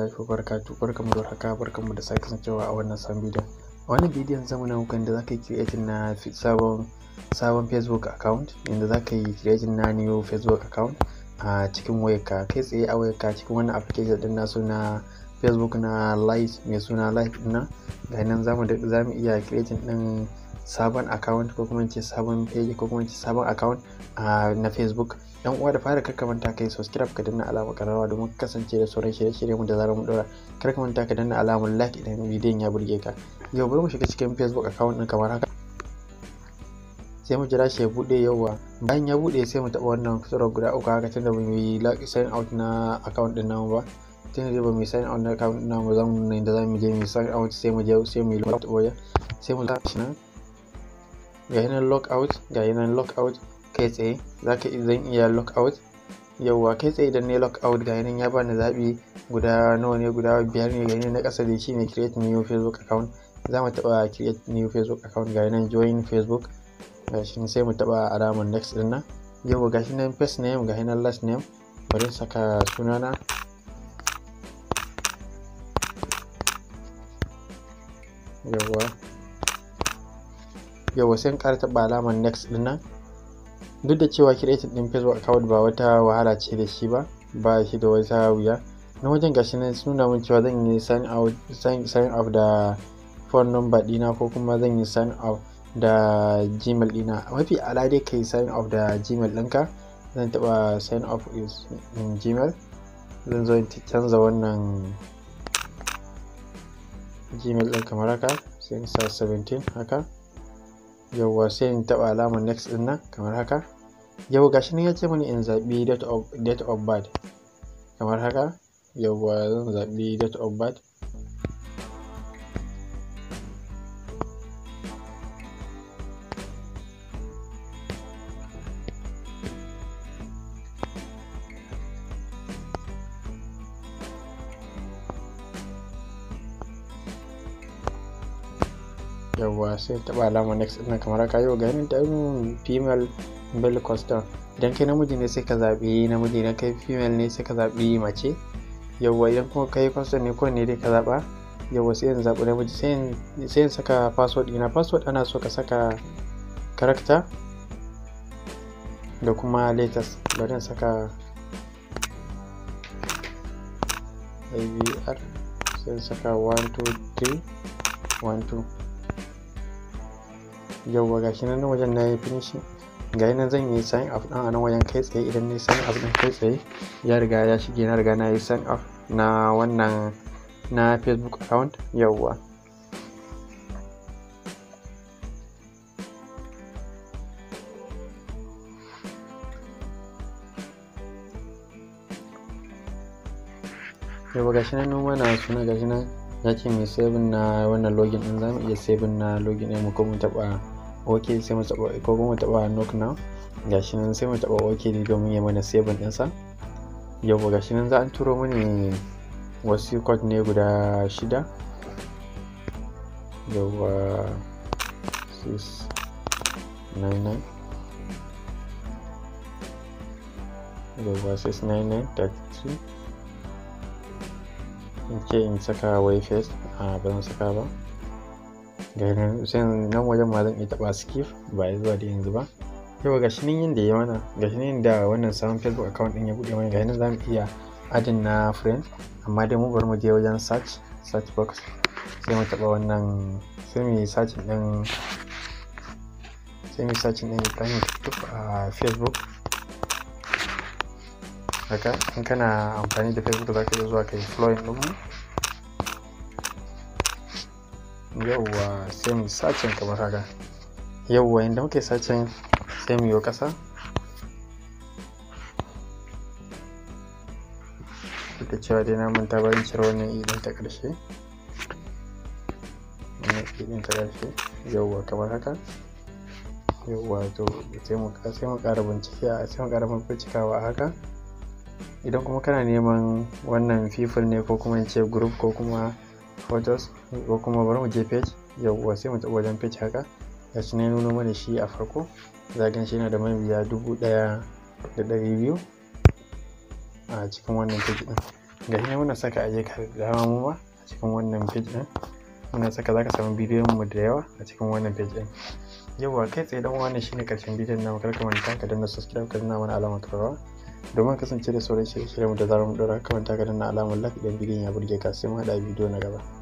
lafiya barka warahmatullahi barka mu da haka barka mu da sake kasancewa a wannan sabon bidiyon a wannan bidiyon zamu na hukan da zaka yi creating na sabon sabon facebook account inda zaka yi creating na new facebook account a cikin wayarka kai tsaye a wayarka cikin wannan application din nasu na facebook na live mai suna live din nan ga nan zamu da zamu iya creating din sabon account ko kuma ce sabon page ko kuma ce sabon account na facebook yan uwa da fara karka manta kai subscribe ka danna alamar kararwa domin kasance da sauran shirye-shirye mu da zarar mu dora karka manta ka danna alamar like idan bidiyon ya burge ka yau bari mu shiga cikin facebook account din kamar haka sai mu jira shi ya bude yauwa bayan ya bude sai mu taba wannan kusurwa guda uku haka tunda mu yi sign out na account din namu ba tun da ba mu sign out na account din namu zamu ne da zamu je mu sign out sai mu je sai mu yi logout sai mu zaɓi shi nan ga yanar lockout ga yanar lockout kai tsaye za ka zan iya lockout yawwa kai tsaye idan ne lockout ga yanar ya bani zaɓi guda nawa ne guda biyar ne ga na ƙasa da shi ne create new facebook account za mu taɓa create new facebook account ga join facebook gashi sai mu taɓa alamun next ɗin nan yau gashi nan first name gashi last name bari saka sunana yauwa yawa sai in ƙara taɓa alamar next din nan duk da cewa creating din facebook account ba wata wahala ce da shi ba ba shi da wata wuya na wajen gashi nan sun nuna min cewa zan yi sign out sign up da phone number dina ko kuma zan yi sign up da gmail dina mafi ala dai kai sign up da gmail ɗinka zan taɓa sign up in gmail zan zo in canza wannan gmail ɗin kamar haka sai sa 17 haka yauwa sai in taɓa alamar next din nan kamar haka yau gashi ne ya ce mani in zaɓi date of birth kamar haka yauwa zan zaɓi date of birth yawwa sai taba alama next din kamar ka yi ganin yanin ta female male custom idan kai namiji ne sai ka zabi namiji idan kai female ne sai ka zabi mace yawwa idan kuma kai custom ne ko ne dai ka zaba yawwa sai in zabi namiji sai in saka password ina password ana so ka saka character da kuma latest bari in saka ivr sai in saka 1 2 3 1 2 yauwa ga shi nan wajen na yi finishi ga nan zan yi sign up ɗan anan wajen kai tsaye idan na yi sign up ɗin kai tsaye ya riga ya shige na riga na yi sign up na wannan na facebook account yauwa yauwa ga shi nan noma suna ga shi nan ya ce mai saving na wannan login din zamu iya saving na login din mu ko mu taba ok sai mu taba ko kuma mu taba knock now gashi nan sai mu taba ok ne domin ya mana saving din sa yau gashi nan za an turo mu ne wasu code ne guda shida sis 699 yawa 699 33 ke in saka wayface a ba zan saka ba ganin sai nan wajen ma zan iya taɓa skip ba ya zuwa da yanzu ba yau ga shi nan yin da ya mana ga shi da wannan sabon facebook account din ya bude mana ga nan za mu iya adin na friend amma dai mu bari mu je wajen search search box sai mu taba wannan sai mu search din sai mu search din Ibrahim a facebook haka kana amfani da facebook za ka zuwa ka yi flowing ɗin yauwa sai mu sacin kamar haka yauwa inda muke sacin sai mu yi ƙasa duk da cewa dai na manta barin cire wannan e idan ta ƙarshe wannan e idan ta kamar haka yauwa to sai mu ƙara bincike sai mu bincikawa a haka idan kuma kana neman wannan fifil ne ko kuma in ce group ko kuma photos ko kuma bari mu je page yauwa sai mu tabo wajen page haka ga shi na nuno mana shi a farko za gan shi yana da mabiya dubu ɗaya da ɗari biyu a cikin wannan page ɗin ga shi muna saka aje ka dama mu ma a cikin wannan page ɗin muna saka za ka samu bidiyon mu da yawa a cikin wannan page ɗin yauwa kai tsaye dan wannan shine karshen bidiyon namu kar ka manta ka danna subscribe ka danna mana alamar karawa domin kasance da sauran shirye-shiryen da za mu dora kamar takarar na alamun like don bidiyon ya burge ka sai mu haɗa bidiyo na gaba